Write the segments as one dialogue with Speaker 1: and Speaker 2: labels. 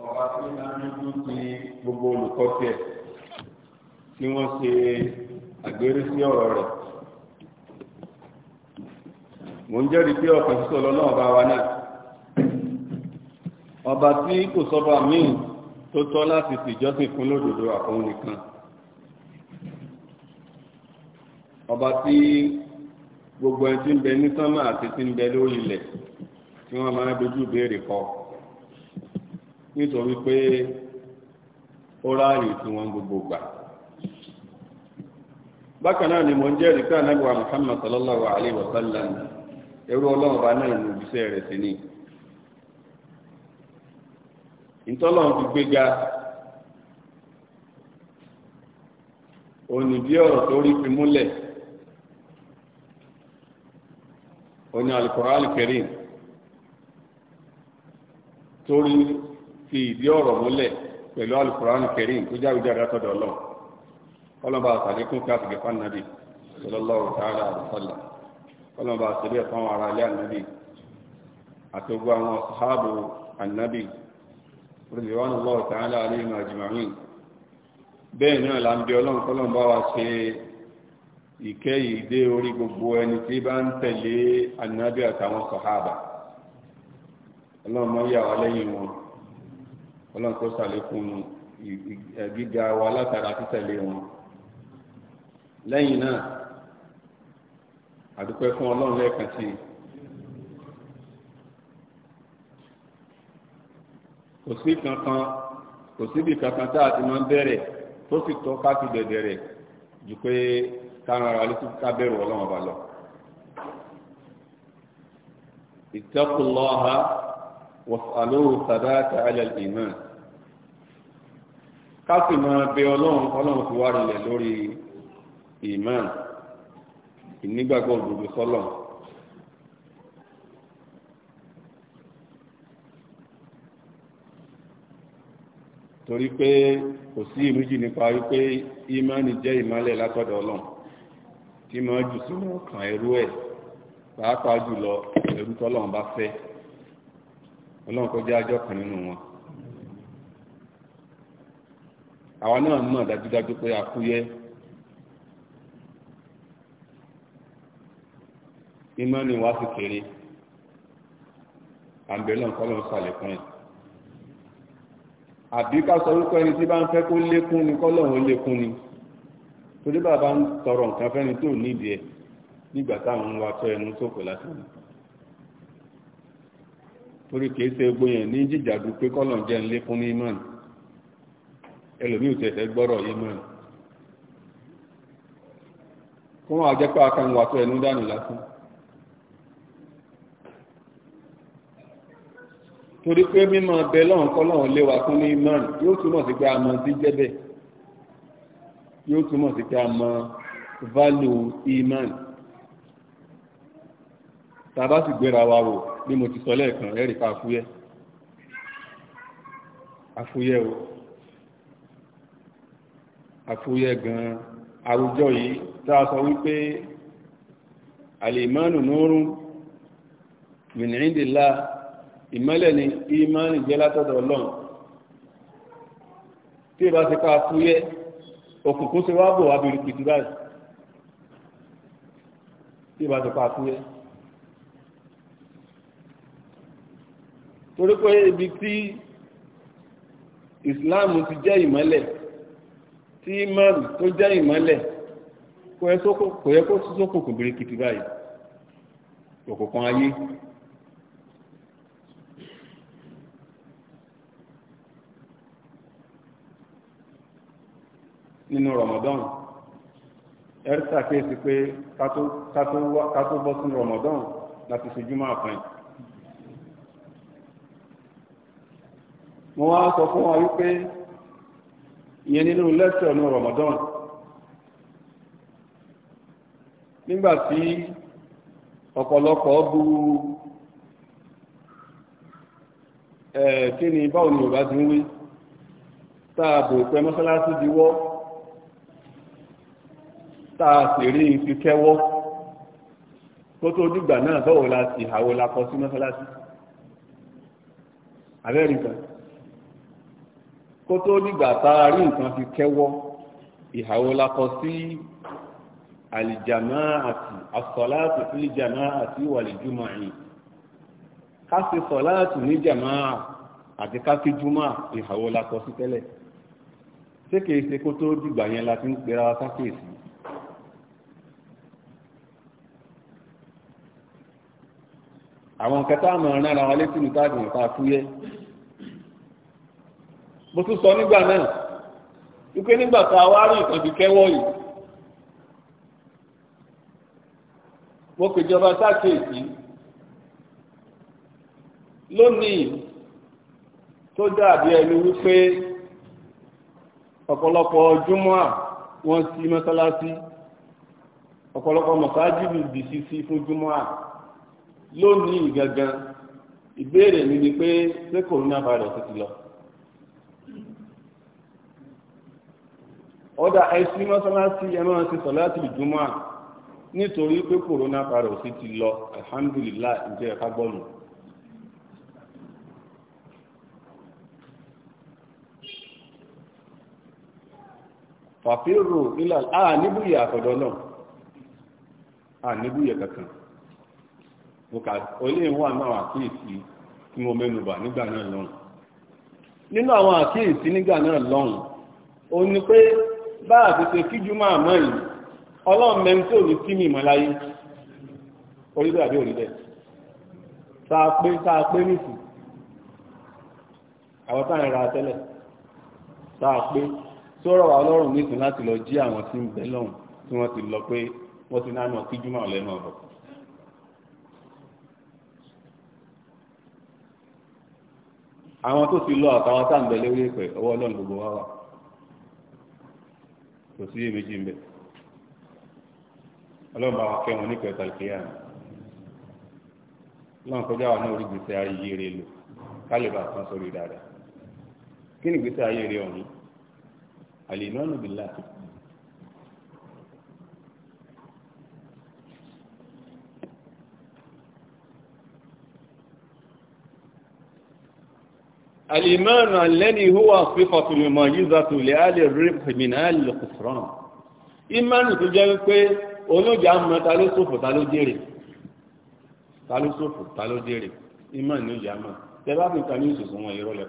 Speaker 1: ọba tí máa ń dún gbogbo olùkọ́ tiẹ̀ tí wọ́n ṣe àgbérí sí ọ̀rọ̀ rẹ̀. mo ń jẹ́rìí pé ọ̀kan sísọ lọ́nà ọba wa náà ọba tí kò sọ́ba míì tó tọ́ láti ṣèjọ́sìn fún lódodo àfọ̀hún nìkan ọba tí gbogbo ẹni tí ń bẹ ní sánmà àti tí ń tí wọ́n máa ń dojú ìbéèrè kọ nítorí pé ó ráàyè tí wọ́n gbogbo gbà bákan náà ni mo ń jẹ́rìí pé ànábì wa Muhammad sallallahu alayhi wa sallam ẹrú ọlọ́run bá náà ní ìbísẹ́ rẹ̀ sí ni ìtọ́lọ́run ti gbéga òní bí ọ̀rọ̀ tó rí fi múlẹ̀ òní Al-Qur'an torí fi ìdí ọ̀rọ̀ múlẹ̀ pẹ̀lú alukurani kẹrin tó jáwé jáde látọ̀dọ̀ ọlọ́ ọlọ́ba àtàlékún kí a fìgẹ̀ fún anabi sallallahu ta'ala àdùsọ́là ọlọ́ba àtẹ̀lẹ́ fún àwọn ará ilé anabi àti ogun àwọn sáàbù anabi rìdíwọ́n lọ́wọ́ ta'ala alayhim ajma'in bẹ́ẹ̀ náà là ń bí ọlọ́run kọ́lọ́n bá wa ṣe ìkẹ́ ìdé orí gbogbo ẹni tí bá ń tẹ̀lé anabi àtàwọn sọ̀hábà ọlọ́run mọ́ yà wá lẹ́yìn wọn ọlọ́run kó ṣàlékún gíga wa látara títẹ̀lé wọn lẹ́yìn náà àdúpẹ́ fún ọlọ́run lẹ́ẹ̀kan sí i kò sí kankan kò síbi kankan tá a ti máa ń bẹ̀rẹ̀ tó sì tọ́ ká ti bẹ̀rẹ̀ rẹ̀ ju pé ká ń létí ká bẹ̀rù ọlọ́run ọba lọ. ittaqullaha wàsàlóhù sàdáàtà alẹ́ ìmọ̀ ká sì máa bẹ ọlọ́run ọlọ́run ti wá rinlẹ̀ lórí ìmọ̀ ìnígbàgbọ́ òdodo sọ́lọ̀ torí pé kò sí ìrújì nípa wípé ìmánì jẹ́ ìmálẹ̀ látọ̀dọ̀ ọlọ́run tí máa jù sínú ọkàn ẹrú ẹ̀ pàápàá jùlọ ẹrú tọ́lọ́run bá fẹ́ ọlọ́run kó jẹ́ ajọ́ kan nínú wọn àwa náà mọ̀ dájúdájú pé a kú yẹ́ iná ni wá sí kéré àbẹ̀ náà kọ́ ló ń sàlékún ẹ̀ àbí ká sọ wípé ẹni tí bá ń fẹ́ kó lékún ni kọ́ lọ́hùn lékún ni torí bàbá ń tọrọ nǹkan fẹ́ni tó nídìí ẹ̀ nígbà táwọn ń wá tọ́ ẹnu sókò lásán ni torí kìí ṣe gbogbo yẹn ní jìjàdù pé kọ́lọ̀ jẹ́ ń lékún ní imán ẹlòmí òtẹ̀ẹ̀fẹ́ gbọ́rọ̀ imán fún àjẹ́pá akanwà tó ẹnu dànù lásán torí pé mímọ̀ bẹ lọ́hùn kọ́lọ́hùn léwa fún ní imán yóò túmọ̀ sí pé a mọ̀ sí jẹ́bẹ̀ yóò túmọ̀ sí pé a mọ̀ value imán tàbá sì gbéra wa wò bí mo ti sọ lẹ́ẹ̀kan ẹ̀rì pa àfúyẹ́ àfúyẹ́ o àfúyẹ́ gan-an àwùjọ yìí tá a sọ wípé alìmánù nórún mìnìrìndìlá ìmọ́lẹ̀ ni ìmánì jẹ́ látọ̀dọ̀ ọlọ́run tí ìbá ti pa àfúyẹ́ òkùnkùn ti wá bò wá bí rìkìtì báyìí ti pa àfúyẹ́ torí pé ibi tí islam ti jẹ́ ìmọ́lẹ̀ tí imam tó jẹ́ ìmọ́lẹ̀ kò yẹ kó sókòkò birikiti báyìí òkùnkùn ayé nínú Ramadan ẹ̀rí sàkíyèsí pé ká tó bọ́ sínú Ramadan láti ṣe júmọ́ àfẹ́yìn mo wá sọ fún wa wípé ìyẹn nínú lẹ́tọ̀ ní Ramadan nígbà tí ọ̀pọ̀lọpọ̀ bu ẹ̀ kí ni báwo ni Yorùbá ti ń wí táàbò pẹ́ mọ́sálásí ti wọ́ táà sì rí ifi kẹ́wọ́ tó tó dìgbà náà bọ́wọ́ la ti àwọ̀ la kọ sí mọ́sálásí abẹ́rìkan kó tó dìgbà tára rí nǹkan fi kẹ́wọ́ ìhàwó la kọ sí àlìjàmáàtì àsọ̀láàtì fílì jàmáàtì wàlìjúmọ̀ yìí ká ṣe sọ̀láàtì ní jàmáà àti ká ṣe júmọ̀ ìhàwó la kọ sí tẹ́lẹ̀ ṣé kìí ṣe kó dìgbà yẹn la fi ń pera wa àwọn kẹta àmọ̀ ọ̀rán ara wa létí nìta àdùnnà fúyẹ́ mo tún sọ nígbà náà wípé nígbà tá a wá rí nǹkan fi kẹ́wọ́ yìí mo pèjọba sákèèsì lónìí tó dàbí ẹni wípé ọ̀pọ̀lọpọ̀ júmọ́à wọ́n sí mọ́sálásí ọ̀pọ̀lọpọ̀ mọ̀sáájìlú dì sí sí fún júmọ́à lónìí gangan ìbéèrè mi ni pé pé coronavirus ti lọ. ọ̀dà àìsí mọ́sálásí ẹmọ́ ti sọ láti ìjúmọ́ à nítorí pé corona parọ̀ sí ti lọ alhamdulillah ǹjẹ́ ẹ̀ka gbọ́nù. fàfírò ilà á níbúyẹ àtọ̀dọ̀ náà á níbúyẹ kankan bùkà olè wà náà àkíyèsí tí mo mẹ́nubà nígbà náà lọ́hùn nínú àwọn àkíyèsí nígbà náà lọ́hùn ó ní pé bá àtẹ̀tẹ̀ kíjú máa mọ́ yìí ọlọ́run mẹ́rin tó ní kí mi mọ́ láyé orílẹ̀ àbí orílẹ̀ sáà pé sáà pé nìsí àwọn táà ń ra tẹ́lẹ̀ sáà pé sọ̀rọ̀ wa lọ́rùn nìsí láti lọ jí àwọn tí ń bẹ lọ́hùn tí wọ́n ti lọ pé wọ́n ti náà kí júmọ̀ lẹ́nu ọ̀rọ̀ àwọn tó ti lọ àtàwọn táà ń bẹ lórí ìpẹ́ ọwọ́ ọlọ́run gbogbo wa kò sí èméjì ń bẹ ọlọ́run bá wọn kẹ́ wọn nípa ẹ̀ta ìkéyà ni ọlọ́run kọjá wa náà orí gbèsè ayé rẹ lò kálí bá tán sórí dáadáa kí ni gbèsè ayé rẹ ọ̀hún àlè ìnáwó bìlá الإيمان الذي هو صفة المميزة لآل الربح من آل الخسران إيمان tó jẹ́ wípé olóòjà mọ̀ ta ló ṣòfò ta ta ló ṣòfò ta ló jèrè ìmọ̀ ní ìjà mọ̀ tẹ́lá fi ta ní ìṣòṣò wọn irọ́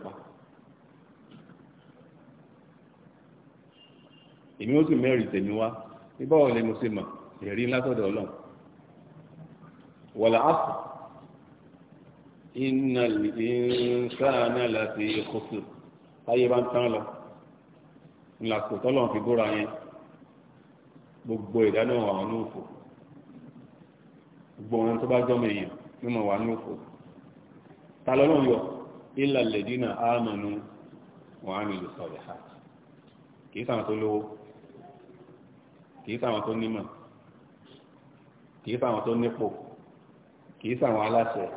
Speaker 1: iná ìsáàánà láti ìkọsù táyé bá ń tán lọ ńlàkó tọ́lọ̀ fi búra yẹn gbogbo ìdáná wà wọn ní òfò gbogbo wọn tó bá jọmọ èèyàn ní mọ̀ wà ní òfò ta lọ́lọ́run yọ ilà lẹ́dínà ámànú wọn á nílò sọ̀rọ̀ ha kì í sàwọn tó lówó kì í sàwọn tó nímọ̀ kì í sàwọn tó nípò kì í sàwọn aláṣẹ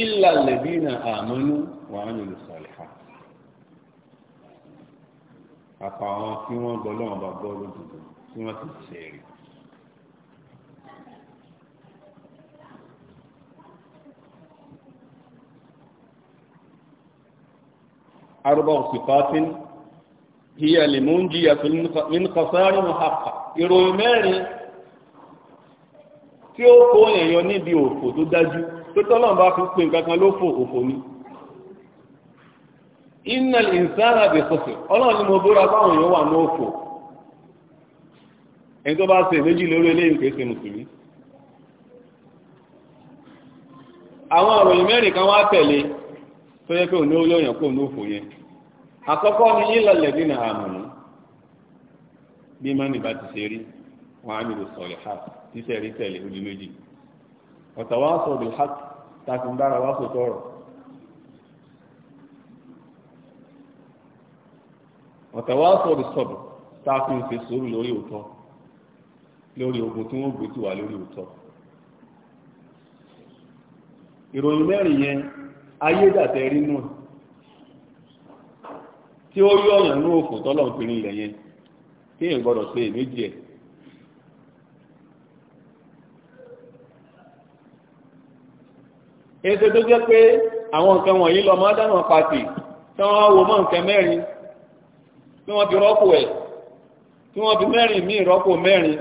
Speaker 1: illa alladhina amanu wa amilu salihat àpà àwọn tí wọ́n gbọ́ lọ́wọ́ bá gbọ́ lójúdú tí wọ́n ti ṣe rí arúgbó sifatin hiya limunjiya min khasari muhaqqa ìròyìn mẹ́rin tí ó kó èèyàn níbi òfò pé tọ́lọ́n bá fi pè nǹkan ló fò òfò ni innal insana bi khusr ọlọ́run ni mo búra báwọn èèyàn wà ní òfò ẹni tó bá ṣe méjì lórí eléyìí kò mùsùlùmí àwọn ìròyìn mẹ́rin kan wá tẹ̀lé tó yẹ pé òní olóyàn kò ní òfò yẹn àkọ́kọ́ ni ilẹ̀ àmùnú bí ha tíṣẹ́ rí tẹ̀lé ojú méjì watawasaw bil haqq tá a sì ń bára fi ń lori ìròyìn mẹ́rin yẹn ayédàtẹ̀ rí náà tí ó yọ̀yàn ní òfò tọ́lọ̀ ń pinnu ilẹ̀ yẹn kéèyàn gbọ́dọ̀ èso tó jẹ́ pé àwọn nǹkan wọ̀nyí lọ máa dáná pàtì tí wọ́n wo mọ́ nǹkan mẹ́rin tí wọ́n fi rọ́pò ẹ̀ tí wọ́n fi mẹ́rin mí rọ́pò mẹ́rin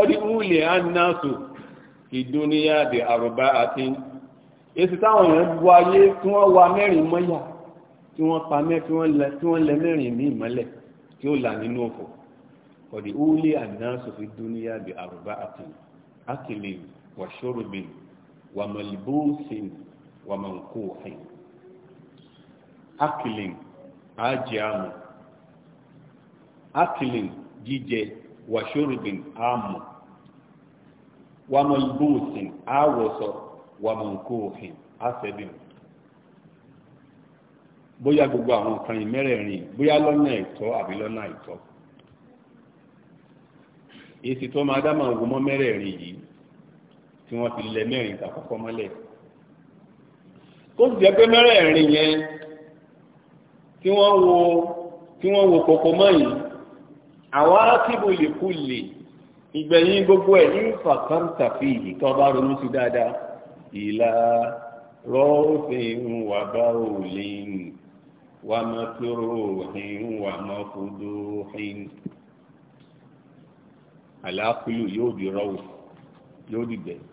Speaker 1: ọdí wúlẹ̀ ánásù ìdúníyà dé àrùbá àti èsì táwọn èèyàn bu ayé tí wọ́n wa mẹ́rin mọ́yà tí wọ́n pa mẹ́ tí wọ́n lẹ mẹ́rin mí mọ́lẹ̀ tí ó là nínú òfò ọdí wúlẹ̀ ánásù ìdúníyà dé àrùbá àti akìlì wàṣọ́rùbìn وملبوس ومنكوح أكل أجام أكل jíjẹ wàṣọ́rìbìn àmọ̀ wàmọ̀lbùsìn àwọ̀sọ̀ wàmọ̀nkóhìn àṣẹ́bìn bóyá gbogbo àwọn kan mẹ́rẹ̀ẹ̀rin bóyá lọ́nà ẹ̀tọ́ àbí lọ́nà àìtọ́ èsì tó máa dá máa wò mọ́ mẹ́rẹ̀ẹ̀rin yìí tí wọ́n ti lẹ mẹ́rin ìtàkọ́kọ́ mọ́lẹ̀ kó sì jẹ́ pé mẹ́rẹ̀ẹ̀rin yẹn tí wọ́n wo tí wọ́n wo kòkó mọ́yìn àwa kíbu lèkulè ìgbẹ̀yìn gbogbo ẹ̀ ní fàkàǹtà fi yìí tó bá ronú sí dáadáa ìlà rọ́ọ̀fin wà bá òòlì wà má kúrò òhìn wà má kúdó òhìn àlàáfíà yóò di rọ́ọ̀ yóò di bẹ̀rẹ̀.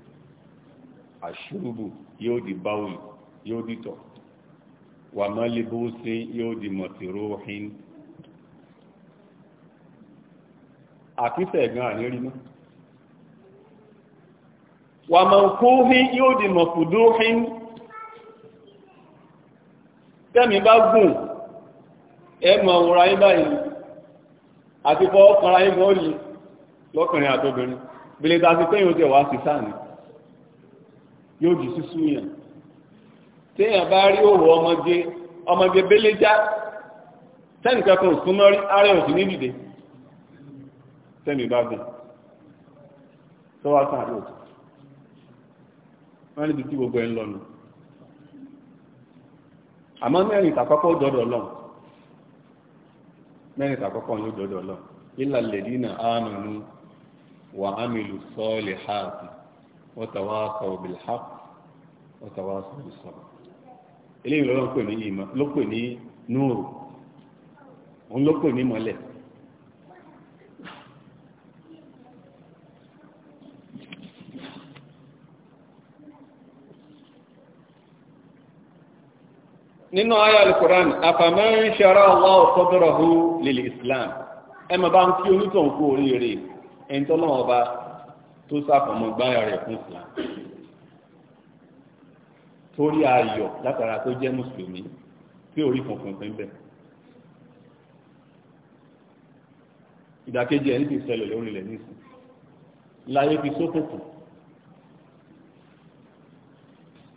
Speaker 1: àṣùrùbù yóò di báwì yóò di tọ̀ wà mọ́lẹ́bù sí yóò di mọ̀tìrò hin àkísẹ̀ gan àníorí mọ́ wà mọ̀kúhín yóò di mọ̀kúdó hin tẹ́mi bá gùn ẹ mọ̀ òwúra yín báyìí àti fọ́ ọkùnrin yín gan ó lè lọ́kùnrin àtobìnrin bèlè tàbí wá sí sáà ni yóò di sísú yàn téèyàn bá rí òwò ọmọge ọmọge béléjá tẹ́nìkan kan ò rí ara ò sí ní bá gùn tó wá sáà lóòtọ́ níbi tí gbogbo ẹ̀ ń lọ́nu àmọ́ mẹ́rin lọ yóò lọ ilà watawasaw bil haqq watawasaw bis sabr eléyìí lọ́wọ́ pè ní ìmọ̀ ló pè ní núùrù òun ló pè ní mọ́lẹ̀ nínú ayé alukuran afaman shara Allahu sadrahu lil islam ẹ bá ń kí onítọ̀ ń kú oríire ẹ̀ńtọ́ náà tó sàfọ̀mọ́ gbára rẹ̀ fún islam torí ayọ̀ látara tó jẹ́ mùsùlùmí tí orí kankan pín bẹ̀. ìdàkejì ẹni tí ṣẹlẹ̀ lórí ilẹ̀ nísìn láyé fi sókòkò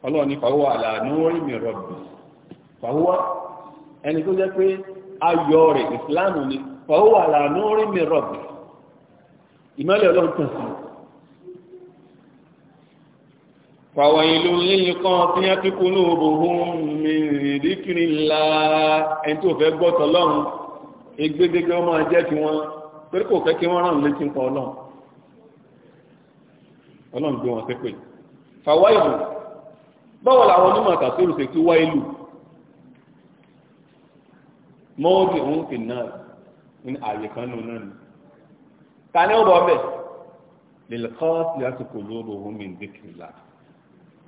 Speaker 1: ọlọ́run ní fàwọ́ àlànà orí mi rọ̀bì fàwọ́ ẹni tó jẹ́ pé ayọ̀ rẹ̀ ìsìláàmù ni fàwọ́ àlànà orí mi rọ̀bì ìmọ́lẹ̀ ọlọ́run tàn sí i فويل للقاسية قلوبهم من ذكر الله ẹni tó fẹ́ gbọ́ tọ́lọ́run igbégégé ọmọ ẹjẹ́ tí wọ́n pẹ́rẹ́ kò fẹ́ kí wọ́n rán létí pa ọlọ́run ọlọ́run gbé wọn sẹ́pẹ̀ fàwáìlù báwo làwọn onímọ̀ àtàtúrù ṣe kí wáìlù mọ́ọ́dì òun fi náà ní àyè kan nù náà ni ta ni ó bọ́ lè kọ́ sí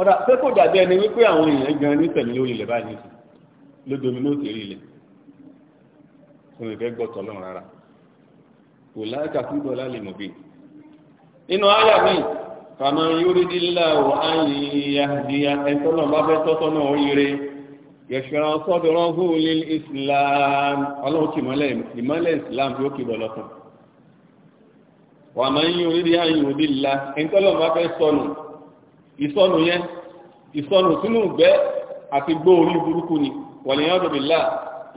Speaker 1: ọ̀dà pé kò dàbí ẹni wípé àwọn èèyàn gan ní tẹ̀mí lórí ilẹ̀ báyìí nìsí ló domi ló tẹ̀rí ilẹ̀ òun ìfẹ́ gbọ́tọ̀ lọ́rùn rárá kò láìka fún bọ́lá lè mọ̀ bí inú àyà mi fàmà yúrídìlá ò áyìnyá di ẹ̀tọ́nà bá fẹ́ tọ́tọ́nà òyìnrè yẹ̀fẹ̀ràn sọ́dọ̀rán fún ilé Islam ọlọ́run kì mọ́lẹ̀ ìmọ́lẹ̀ Islam yóò kì bọ̀ lọ́kàn wàmà yúrídìlá ẹ̀tọ́nà bá fẹ́ sọnù ìsọnù yẹn ìsọnù sínú ìgbẹ́ àti gbó orí burúkú ni wọ̀nyẹn dòbí là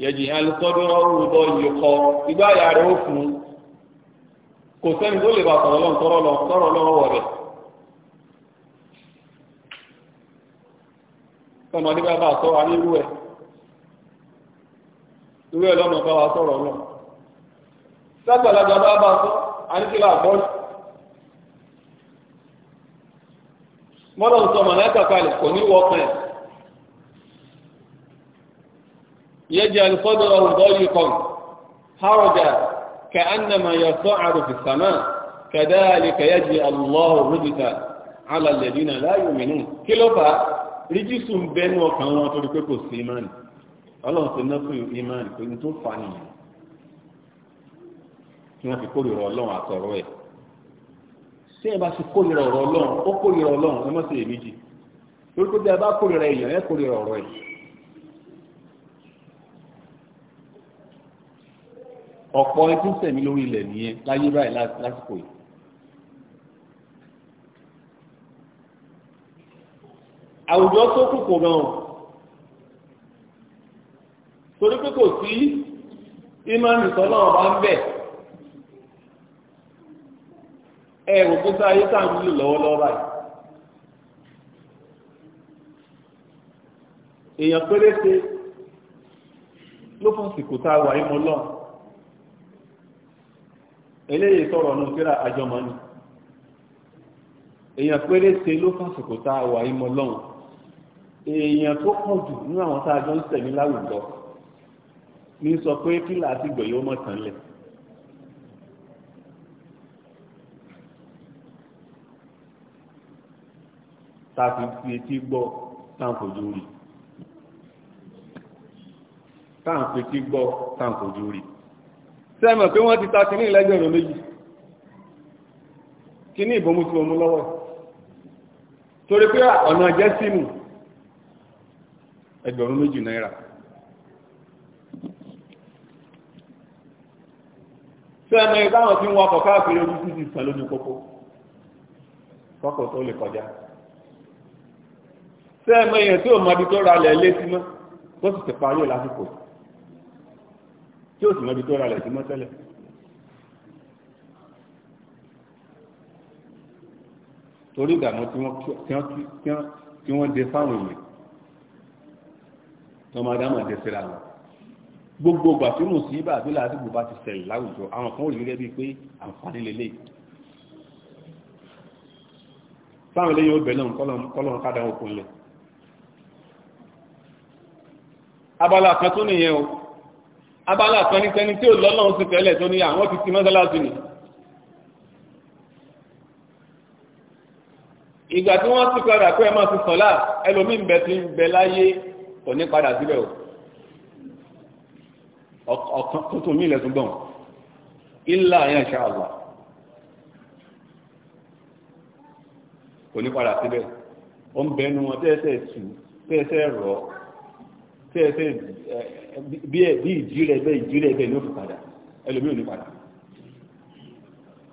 Speaker 1: yẹ̀jì alùsọ́dún ọ̀rùn yìí kọ igbá àyà rẹ̀ ó fún un kò sẹ́ni tó lè bá sọ̀rọ̀ lọ́n lọ wọ̀ rẹ̀. bá bá ní irú ẹ̀ irú ẹ̀ lọ́nà bá wa sọ̀rọ̀ lọ. bá bá sọ bọ́ọ̀lù. mọ́lọ̀ ń sọ màláìkà kalẹ̀ kò ní wọ́pẹ́ yẹ́jì alùsọ́dọ̀ ọ̀hún lọ́yìn kan haraja ka annama ya sọ àrùfi sàmà kadhalika yẹ́jì alùlọ́hùn rúbìtà alàlẹ́dínà láyò mìíràn kí ló fà ríjísù ń bẹ́nu ọkàn wọn torí pé kò sí imáni ọlọ́run ti ná fún imáni pé ní tó fà nìyẹn kí wọ́n fi kórìíra ọlọ́run àtọ̀rọ̀ ẹ̀ tí ẹ bá ti kórìíra ọ̀rọ̀ ọlọ́run ó kórìíra ọlọ́run ẹ mọ́ sí èméjì lórí pé bí a bá kórìíra èèyàn ẹ kórìíra ọ̀rọ̀ ẹ̀ ọ̀pọ̀ ẹtí ń sẹ̀mí lórí ilẹ̀ nìyẹn láyé báyìí lásìkò yìí àwùjọ tó kù kò gan torí pé kò sí ìmọ̀ nìkan náà ń bẹ̀ ẹ̀rù gbogbo ayé tá à ń lò lọ́wọ́lọ́wọ́ báyìí. èèyàn péréte ló fún sìkò tá a wà yín mọ́ lọ́n eléyìí sọ̀rọ̀ ọ̀nà kíra àjọmọ́ ni èèyàn péréte ló fún sìkò tá a wà yín mọ́ lọ́n èèyàn tó pọ̀ jù nínú àwọn tá a jọ ń tẹ̀lé láwùjọ ní sọ pé kí làásìgbè yóò mọ̀ tán lẹ̀. tá a fi fi etí gbọ́ táǹkò jórí táǹkò etí gbọ́ táǹkò jórí sẹ́mọ̀ pé wọ́n ti ta kìíní ìlẹ́gbẹ̀rún méjì kìíní ìbomú tí mo mú lọ́wọ́ torí pé ọ̀nà jẹ́ sínú ẹgbẹ̀rún méjì náírà sẹ́mọ̀ ìbáwọn tí wọ́n kọ̀ káàkiri ojú títì sàn lójú pópó kọ́kọ̀ tó lè kọjá ṣé ẹ mẹyìn tí òun mọbi tó ralẹ̀ létí mọ́ tó sì ti parí lásìkò tí ó sì mọbi tó ralẹ̀ sí mọ́ tẹ́lẹ̀. torí ìdààmú tí wọ́n dé fáwọn èèyàn tí wọ́n máa dá máa dé síra wọn gbogbo ìgbà tí mò ń sí ibà àbí làásìgbò bá ti ṣẹlẹ̀ láwùjọ àwọn kan ò rí gẹ́gẹ́ bíi pé àǹfààní lélẹ́yìí táwọn eléyìí ó bẹ̀ náà kọ́lọ̀ kádà òkun lẹ̀ abala kan tó nìyẹn o abala kan ní sẹni tí ò lọ́lọ́run sí tẹ́lẹ̀ tó ní àwọn ti ti mọ́sálásí ni ìgbà tí wọ́n ti padà pé ẹ máa ti sọ̀lá ẹlòmíì ń bẹ ti ń bẹ láyé kò ní padà síbẹ̀ o ọ̀kan tó tún mí ilẹ̀ tún gbọ̀n ilá yẹn ṣe àgbà kò ní padà síbẹ̀ ó ń bẹnu wọn tẹ́ẹ̀sẹ̀ tù tẹ́ẹ̀sẹ̀ rọ̀ ṣe ṣe bí ìjì bẹ́ ìjì bẹ́ ló fi ẹlòmí ò ní padà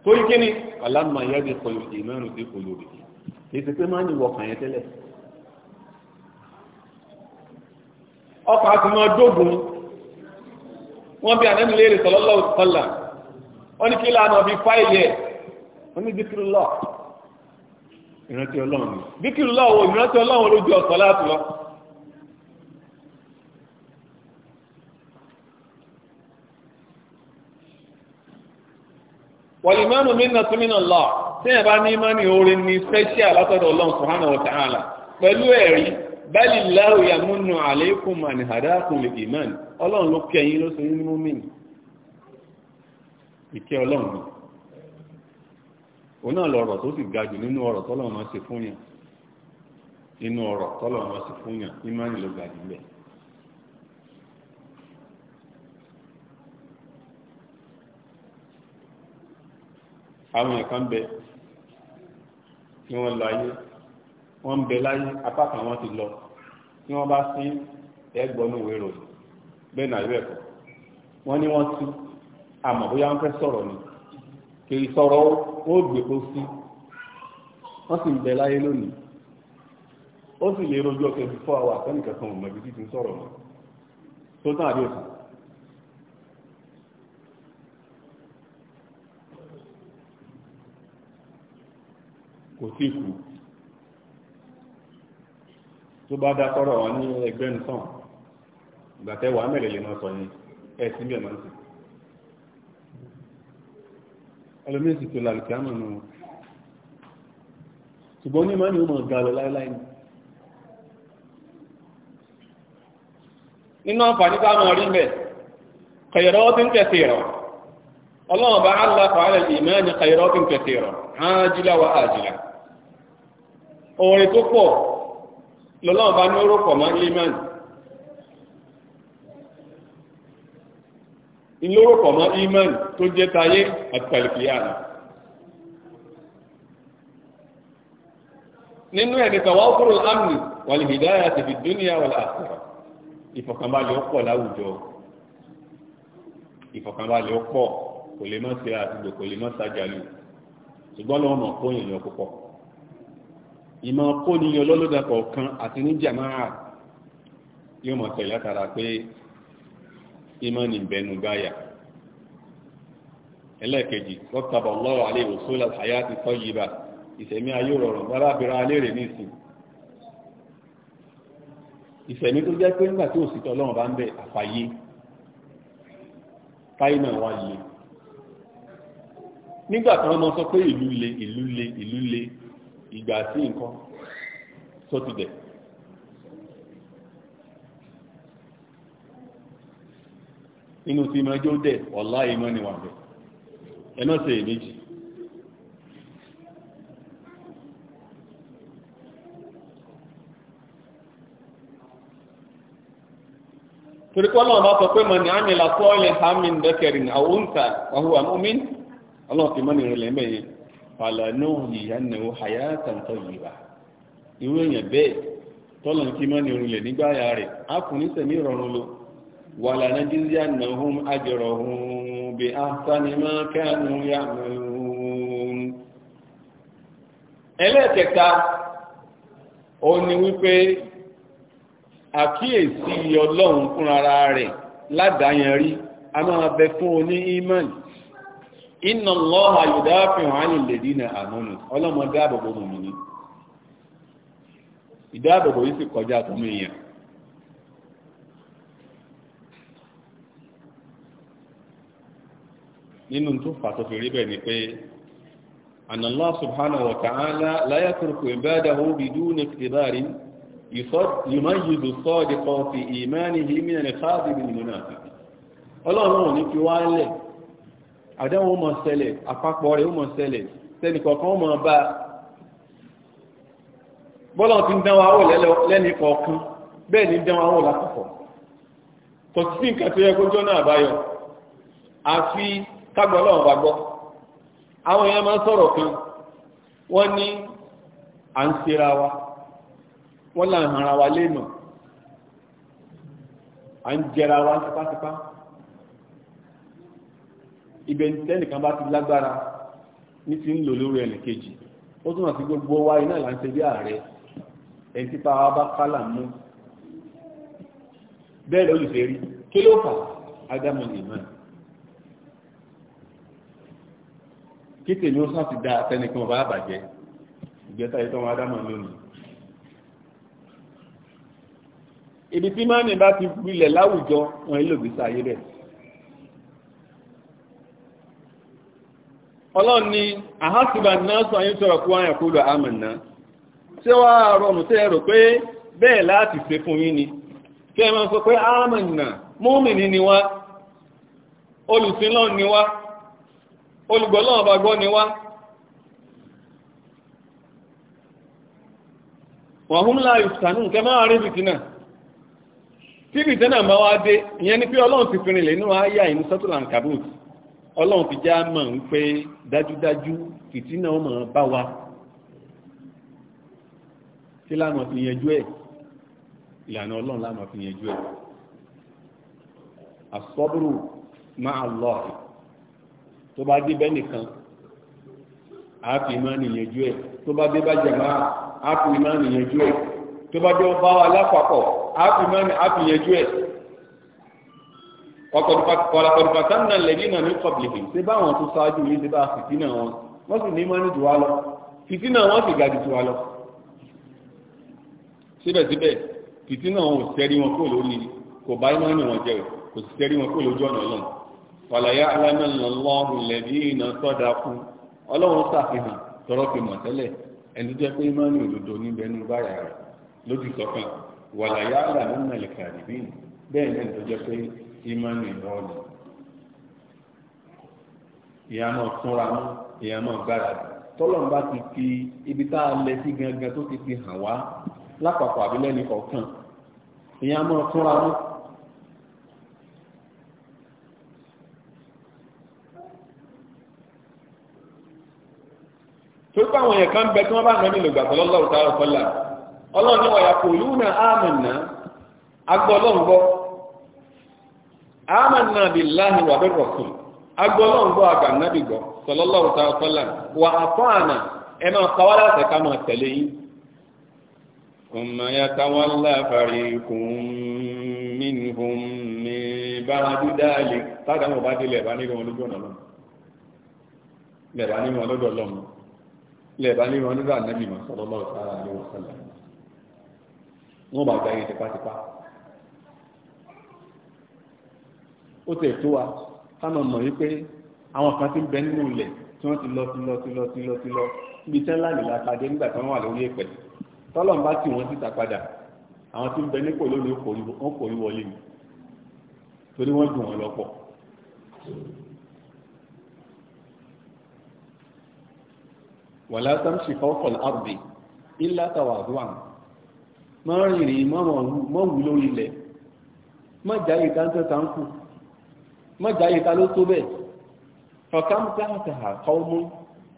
Speaker 1: torí kíni aláma yẹ́bi kọlu ìmọ̀ràn sí kò lórí ma pé máa ń wọ ọkàn yẹn tẹ́lẹ̀ ọkọ̀ àti máa dógùn wọ́n bí ànẹ́mi léèrè sallallahu wọ́n ní kí lánàá bí fáìlì ẹ̀ wọ́n ìrántí ọlọ́run wọ̀lìmọ́nù mínà tún mínà lọ tí ẹ̀bá ní mọ́ni orin ní special látọ̀dọ̀ Ọlọ́run sùhánà wọ̀tàhálà pẹ̀lú ẹ̀rí bẹ́lì láwù yàmúnù àlékún màní àdákùn lè ìmọ̀ni Ọlọ́run ló kẹyìn ló sì ní múmìnì ìkẹ́ Ọlọ́run ni òun náà lọ̀rọ̀ tó sì àwọn èèyàn kan bẹ tí wọ́n lọ ayé wọ́n ń bẹ láyé apá kan wọ́n ti lọ tí wọ́n bá sí ẹgbọ́nú ìwé ròyìn bẹ́ẹ̀ náà ìwé ẹ̀kọ́ wọ́n ní wọ́n sí àmọ́ bóyá wọ́n fẹ́ sọ̀rọ̀ ni kì sọ̀rọ̀ ó gbé sí wọ́n sì ń bẹ láyé lónìí ó sì lè rojú ọkẹ́ bí àwọn àtẹ́nìkẹ́kan mọ̀ ibi títí ń sọ̀rọ̀ mọ́ tó tán àdéhùn kò tí kú tó bá dá sọ́rọ̀ wọn ní ẹgbẹ́ nìkan ìgbà tẹ́ wàá mẹ́lẹ̀ lè máa sọ yẹn ẹ̀ sí bẹ́ẹ̀ máa ń sè ẹlòmíì sì tó làlùkì àmọ̀ nù ṣùgbọ́n ní mọ́ni ó mọ̀ ga lọ láéláé ni nínú àǹfààní táwọn rí mẹ́ kẹ̀yọ̀rọ̀ tí ń tẹ̀sí rọ̀ ọlọ́run bá aláfàá rẹ̀ ìmọ̀ ni kẹ̀yọ̀rọ̀ tí ń tẹ̀sí rọ̀ ájílá wa ájílá oore tó pọ̀ lọ́lọ́run bá ní ó rọ́pọ̀ mọ́ iman ìlórọ̀pọ̀ mọ́ iman tó jẹ́ tayé àti kàlùkìyàrá nínú ẹ̀dẹ̀ tàwákùrù amni wàlìhìdáyà ti fi dúníà wàlàáfíà ìfọ̀kànbalẹ̀ ọ̀pọ̀ láwùjọ ìfọ̀kànbalẹ̀ ọ̀pọ̀ kò lè mọ́ sí àtìgbò kò lè mọ́ sájàlú ṣùgbọ́n lọ́wọ́ mọ̀ kó èèyàn púpọ̀ ìmọ̀ kóníyàn lọ́lọ́dà kọ̀ọ̀kan àti ní jàmáà yóò mọ̀ tẹ̀lé látara pé ìmọ̀ ní ìbẹnu gáyà ẹlẹ́ẹ̀kejì rọ́tàbọ̀ lọ́rọ̀ alẹ́ òṣòlà àyà ti tọ́ yìí bá ìsẹ̀mí ayé rọrùn rárábìrá alẹ́rẹ̀ nísìn ìsẹ̀mí tó jẹ́ pé nígbà tí òsìtọ́ lọ́wọ́ wọ́n mọ sọ pé ìlú le ìlú ìgbà àti nǹkan tó ti dẹ̀. inú ti mọ ẹjọ́ dẹ̀ ọ̀la ìmọ̀ ni wà bẹ̀ ẹ̀nà ṣe èméjì torí kọ́ náà bá sọ pé mọ̀ ní àmì làkọ́ ilẹ̀ hamin dẹ́kẹ̀rin àwọn òǹkà wàhùwà mọ́mí ọlọ́ọ̀tì mọ́ ní mẹ́yẹn fàlànà ìyànnàwó hayatan tayyiba irú èèyàn bẹ́ẹ̀ tọ́lọ̀ kí mọ́ ní orílẹ̀ nígbà ayà rẹ̀ a kù ní sẹ̀mí ìrọ̀rùn lo wà lànà jíjá nà hún àjọrọ̀ hún bí a sáni má kánú yà mẹ́rún ẹlẹ́ẹ̀kẹta ó ní wípé àkíyèsí ọlọ́run fúnra rẹ̀ ládàáyàn rí a máa bẹ fún oní ìmánì inna allaha yudafi'u 'anil ladina amanu ọlọ́mọ dáàbòbò mùmìnì ìdáàbòbò yìí sì kọjá àtọ́mọ èèyàn nínú tó fàtọ́ fi rí bẹ́ẹ̀ ni pé anallah subhanahu wa ta'ala la yatruku ibadahu biduni iktibarin yumayyizu sadiqa fi imanihi min al-khadibi al-munafiq ọlọ́run ò fi wá àdáwọn ọmọ ṣẹlẹ̀ àpapọ̀ rẹ̀ ọmọ ṣẹlẹ̀ sẹ́ni kọ̀ọ̀kan ọmọ bá bọ́lá ti ń dánwà áwọ̀ lẹ́ni kọ̀ọ̀kan bẹ́ẹ̀ ni dánwà áwọ̀ lápapọ̀ kò sí nǹkan tó àfi kágbọ́n kan wa tipa ibẹ̀ tẹ́nìkan bá ti lágbára ní ti ń lò lórí ẹnìkejì ó túnmọ̀ sí gbogbo wa iná là ń ṣe bí ààrẹ ẹni tí pàwọ́ bá kálà mú bẹ́ẹ̀ lólùfẹ́ rí kí ló fà ádámù nìmọ̀ kí tèmi ó sàn ti da tẹnìkan bá bàjẹ́ ìgbẹ́ta ìtọ́ ádámù lónìí ibi tí máa ń bá ti gbilẹ̀ láwùjọ wọn ilé òbí sáyé bẹ́ẹ̀ ọlọ́run ni àhásìbà náà sọ ayé tọrọ kú àyàkú lọ àmànà tí wá rọrùn tẹ́ ẹ̀rọ pé bẹ́ẹ̀ láti ṣe fún yín ni kí ẹ máa sọ pé àmànà mùmínì ni wá olùsìnlọ́n ni wá olùgbọ́lọ́wọ́ niwa ni wá ọlọ́run fi já mọ̀ ń pé dájúdájú fìtínà ọmọ bá wa tí láàmà fi yẹjú ẹ̀ ìlànà ọlọ́run láàmà fi yẹjú ẹ̀ àsọ́bùrù máa lọ tó bá dé bẹ́ẹ̀ nìkan a fi máa nìyẹjú ẹ̀ tó bá dé bá jẹ̀má a fi máa nìyẹjú ẹ̀ tó bá dé bá wa lápapọ̀ a fi máa nìyẹjú ẹ̀ kọlọkọlọ sanna lẹbi na mi kọbiliki ṣe báwọn tó ṣáájú yìí ṣe bá fìtínà wọn wọn sì ní mọ́ni jù wá lọ fìtínà wọn sì gàdì jù wá lọ. síbẹ̀síbẹ̀ fìtínà wọn ò sẹ́rí wọn kó lórí kò bá mọ́ni wọn jẹ́ kò sì sẹ́rí wọn kó lójú ọ̀nà náà. fàlàyé alámẹ́lọ́lọ́hù lẹ́bí ìmánì ìrọ̀lì ìyá máa túnra mú ìyá ti fi ibi tá a lẹ sí gangan tó ti fi hàn wá lápapọ̀ àbílẹ́ni kọ̀ọ̀kan ìyá máa túnra mú. àwọn èèyàn kan bẹ tí wọ́n bá nà nílò ọlọ́run ní wàyà kò agbọ́ ọlọ́run gbọ́ amanna billahi wa bir rasul agbọ́lọ́n gbọ́ àgbà nábì gbọ́ sallallahu ta'ala sallam wa ata'na ẹ láti ká máa tẹ̀lé yín. thumma minhum min ba'di dhalik tága sallallahu ta'ala alaihi ó tẹ̀ tó wa ká mọ̀ mọ̀ wípé àwọn kan ti ń bẹ nínú ilẹ̀ tí wọ́n ti lọ ti lọ ti lọ ti lọ ti lọ níbi tẹ́ ńlá nìlá pàdé nígbà tí wọ́n wà lórí ẹ̀pẹ̀ tọ́lọ́n bá tì wọ́n síta padà àwọn tí ń bẹ nípò lónìí wọ́n kò rí wọlé ni torí wọ́n dùn wọn lọ́pọ̀ wàlá tamshi fawqa al-ardi illa tawadu'an mọ́ rìnrìn mọ́ wù lórí ilẹ̀ mọ́ jáde dáńtẹ́ tá ń kù mọ́jà yìí ta ló tó bẹ́ẹ̀ ọ̀kan dáhàtà àkọ́mú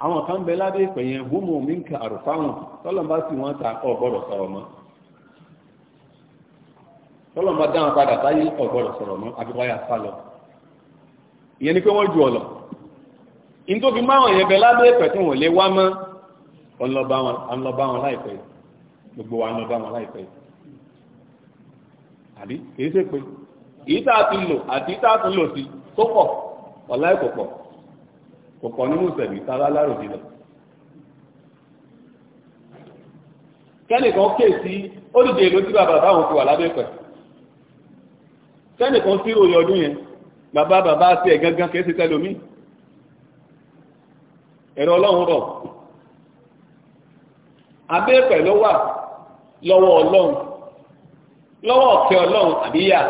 Speaker 1: àwọn kan bẹ lábẹ́ ìpè yẹn húmù mí ń ka àrùfáwọn tọ́lọ́mbà sì wọ́n ta ọ̀gbọ́dọ̀ sọ̀rọ̀ mọ́ tọ́lọ́mbà dáhùn padà táyé ọ̀gbọ́dọ̀ sọ̀rọ̀ mọ́ àbíkọ́yà sálọ ìyẹn ni pé wọ́n ju ọ̀lọ̀ nítorí máwọn yẹn bẹ lábẹ́ ìpè tí wọ́n lé wá mọ́ ọlọ́ba wọn láìpẹ́ gbogbo ìta ti lò àti ìta ti lò sí tó pọ̀ ọ̀lá ìkọ̀pọ̀ kò pọ̀ nínú ìsẹ̀mí tara lárò nílẹ̀ kẹ́nìkan ké sí ó dìde ìlú tí bàbá báwọn ti wà lábẹ́ pẹ̀ kẹ́nìkan sí òye ọdún yẹn bàbá bàbá sí ẹ̀ gangan kìí sí tẹ́lómí ẹ̀rọ ọlọ́run rọ̀ abẹ́ẹ̀pẹ̀ ló wà lọ́wọ́ ọlọ́run lọ́wọ́ ọ̀kẹ́ ọlọ́run àbíyà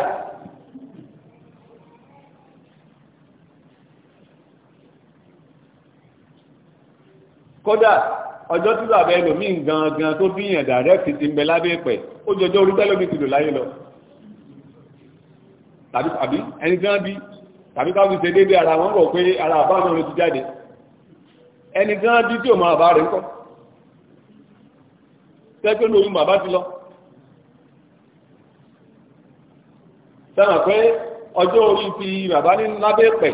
Speaker 1: kódà ọjọ́ tí bàbá ẹlòmíín gangan tó bíyàn dàrẹ́kì ti ń bẹ lábẹ́ ìpẹ́ ó jọjọ́ orí tẹ́lómi ti lò láyé lọ tàbí ẹni tí wọ́n bí tàbí káwọn ṣe déédéé ara wọn rọ̀ pé ara àbá náà ló ti jáde ẹni tí wọ́n bí tí ò máa bá rẹ̀ ń kọ́ tẹ́pẹ́ lóyún bàbá ti lọ sẹ́nà pé ọjọ́ orí ti bàbá ní lábẹ́ ìpẹ́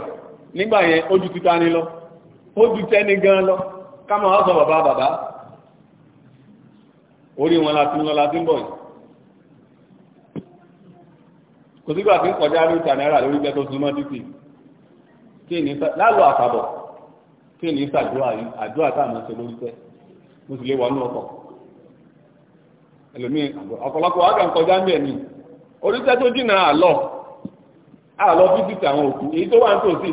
Speaker 1: nígbà yẹn ó ju títa ni lọ ó ju tẹ́ni gan lọ kámọ̀ ọ̀sọ̀ bàbá bàbá orí wọn láti lọ láti ń bọ̀ yìí kò sígbà tí ń kọjá ìta náírà lórí tó súnmọ́ títì lálọ́ àtàbọ̀ yìí àdúrà tá à máa ṣe lórí tẹ́ mo sì lè ní ọkọ̀ ẹlòmíì ọ̀pọ̀lọpọ̀ wà kàn kọjá ní ẹ̀mí tó àlọ́ àlọ́ òkú èyí tó wà ń tòsí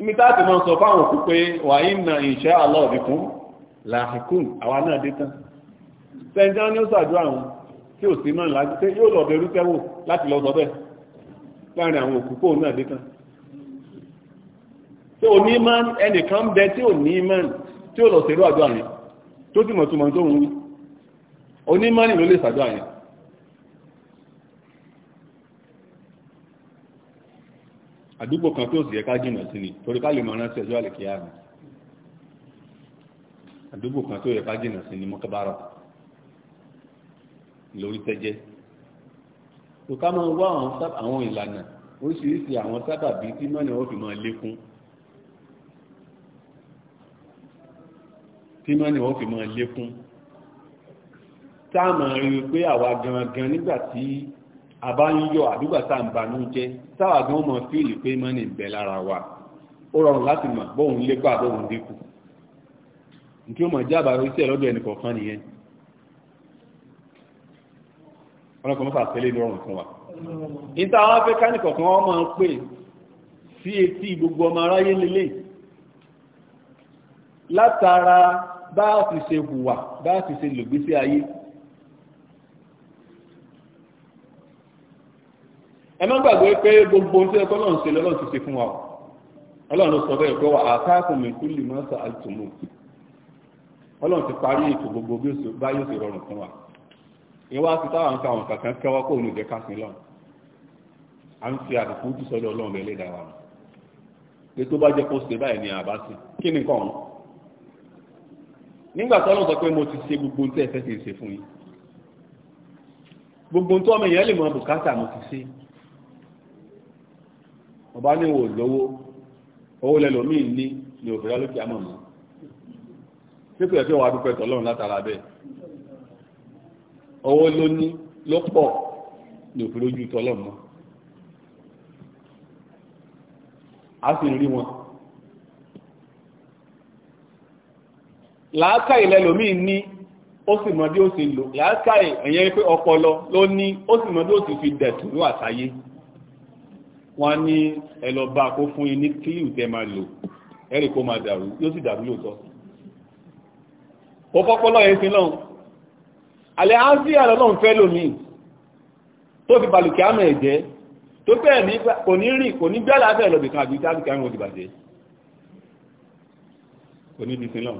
Speaker 1: ibi táàtì máa sọ fáwọn òkú pé wà ìnà ìṣẹ́ aláọ̀dìkún làákùn àwa náà dé tán sẹ́ńtẹ́ ní ó sàdúrà wọn tí ò sí náà láti pé yóò lọ bẹ̀rù tẹ́wò láti lọ sọ bẹ́ẹ̀ láàrin àwọn òkú kóò náà dé tán tí ò ní mọ́ ẹnìkan bẹ tí ò ní mọ́ tí ò lọ sẹ́rú àdúrà yẹn tó sì mọ̀ túmọ̀ tó ń wí onímọ̀ nì lè sàdúrà yẹn àdúgbò kan tó sì ẹ̀ká jìnà sí ni torí ká lè mọ̀ ránṣẹ́ ẹjọ́ àlèkíyà mi àdúgbò kan tó ẹ̀ká jìnà sí ni mọ́kábárà lórí tẹ́jẹ́ tó ká máa wá àwọn ìlànà oríṣiríṣi àwọn sábàbí tí mọ́nà ó fi máa lékún tí mọ́nà ó fi máa lékún táàmà rí pé àwa gangan nígbà tí àbá ń yọ àdúgbà tá à ń banú jẹ́ táwa gan mọ̀ fíìlì pé mọ́nì ń bẹ lára wa ó rọrùn láti mọ̀ bóun lépa bóun dínkù nítí ó mọ̀ jẹ́ àbára iṣẹ́ lọ́dọ̀ ẹnì kọ̀ọ̀kan nìyẹn ọlọ́kọ̀ mọ́fà tẹ́lẹ̀ lọ́rùn fún wa níta àwọn afẹ́kánì kọ̀ọ̀kan wọ́n máa ń pè sí etí gbogbo ọmọ aráyé lélẹ̀ látara bá a ti ṣe hùwà bá a ti ṣe lògbésí ayé ẹ má gbàgbé pé gbogbo tí ẹkọ́ náà ń ṣe lọ́lọ́run ti ṣe fún wa o ọlọ́run ló sọ bẹ́ẹ̀ pé wà àtàkùn mi kúlì mọ́ sọ àtùmù ọlọ́run ti parí ètò gbogbo bá yóò ṣe rọrùn fún wa ìyẹn wá sí táwọn nǹkan àwọn kankan kẹwọ́ kó òun ò jẹ́ ká sin lọ́run à ń fi àdìkú jù sọ́dọ̀ ọlọ́run rẹ̀ léda wa pé tó bá jẹ́ kó ṣe báyìí ni àbá sí kí ni nǹkan nígbà tó ọlọ́run sọ pé mo ti ṣe gbogbo tí ẹ fẹ́ ti ṣe fún yín gbogbo tó ọmọ ìyẹn lè mọ bùkátà mo ti ṣe ọba ní wò lówó owó lẹ́lòmíì ní ní òfin lálókè àmọ̀ mọ́ nípa ẹ̀ tí wọ́n wá dúpẹ́ tọ́lọ́run látara bẹ́ẹ̀ owó ló ní ló pọ̀ ní òfin lójú tọ́lọ́run mọ́ a sì rí wọn láákà ìlẹ́lòmíì ní ó sì mọ bí ó sì lò láákà ẹ̀yẹn pé ọpọlọ ló ní ó sì mọ bí ó sì fi dẹ̀tùnú àtayé wọ́n ní ẹlọ́ba kó fún yín ní kílíù tẹ́ máa lò ẹ̀rì kó máa dàrú yóò sì dàrú lóòótọ́ ó kọ́kọ́ lọ́yẹ̀ sí náà alẹ́ á sí àlọ́ náà fẹ́ lómi tó fi balùkẹ́ àmọ̀ ẹ̀jẹ̀ tó bẹ́ẹ̀ ní kò ní rìn kò ní bẹ́ẹ̀ lábẹ́ ẹ̀lọ́bì kan àbí tábìkẹ́ àmọ̀ òdì bàjẹ́ kò ní di sí náà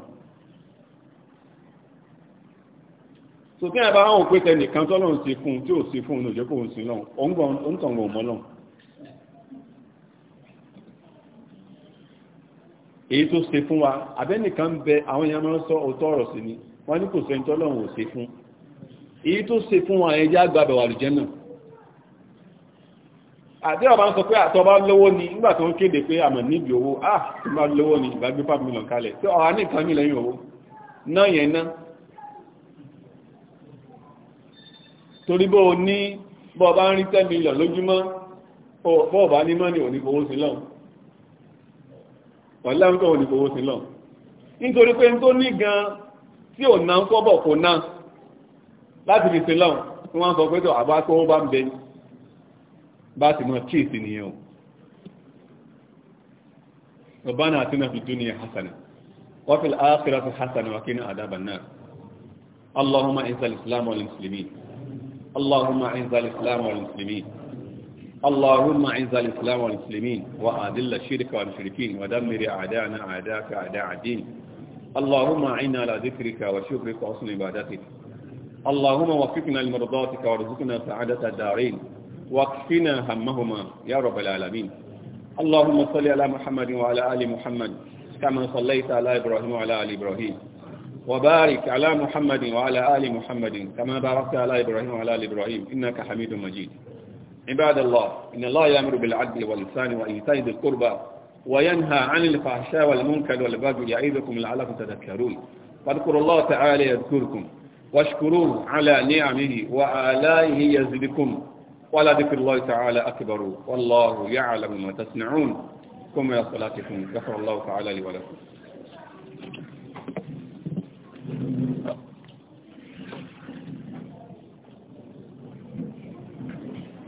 Speaker 1: sókè àbáwọn òpé tẹnìkan tọ́lọ́run sí fún tí ò sí fún òun ò jẹ́ kó òun sí náà òun tàn wọ̀ mọ́ náà èyí tó ṣe fún wa abẹ́nìkan bẹ àwọn èèyàn máa ń sọ òótọ́ ọ̀rọ̀ sí ni wọ́n ní kò sẹ́ńtọ́ lọ́hùn ò fún èyí tó ṣe fún wa ẹja gbàbẹ̀ wà lùjẹ́ náà àdé ọba ń sọ pé àtọba lówó ni nígbà tó ń kéde pé àmọ̀ níbi owó ah tó bá lówó ni ìgbà gbé five million kalẹ̀ tí ọ̀hà ní ìkànnì lẹ́yìn owó náà yẹn ná torí bó o ní bó bá ń rí ten million lójúmọ́ bó bá ní mọ́ni ò ní fowó sí lọ́hùn wàlá ń kọ́ olùfowó sí lọ nítorí pé tó ní gan tí ò ná ń kọ́bọ̀ kò ná láti fi sí lọ tí wọ́n sọ pé tó àbá tó bá ń bẹ bá sì mọ́ kíìsì nìyẹn o ربنا آتنا في الدنيا حسنة وفي الآخرة حسنة وقنا عذاب النار اللهم انزل الإسلام والمسلمين اللهم انزل الإسلام والمسلمين اللهم اعز الإسلام والمسلمين وأذل الشرك والمشركين ودمر أعداءنا أعداءك أعداء الدين اللهم أعنا على ذكرك وشكرك وحسن عبادتك اللهم وفقنا لمرضاتك وارزقنا سعادة الدارين واكفنا همهما يا رب العالمين اللهم صل على محمد وعلى آل محمد كما صليت على إبراهيم وعلى آل إبراهيم وبارك على محمد وعلى آل محمد كما باركت على إبراهيم وعلى آل إبراهيم إنك حميد مجيد عباد الله إن الله يأمر بالعدل واللسان وإيتاء ذي القربى وينهى عن الفحشاء والمنكر والبغي يعظكم لعلكم تذكرون فاذكروا الله تعالى يذكركم واشكروه على نعمه وآلائه يزدكم ولذكر الله تعالى أكبر والله يعلم ما تصنعون كما صلاتكم ذكر الله تعالى لي ولكم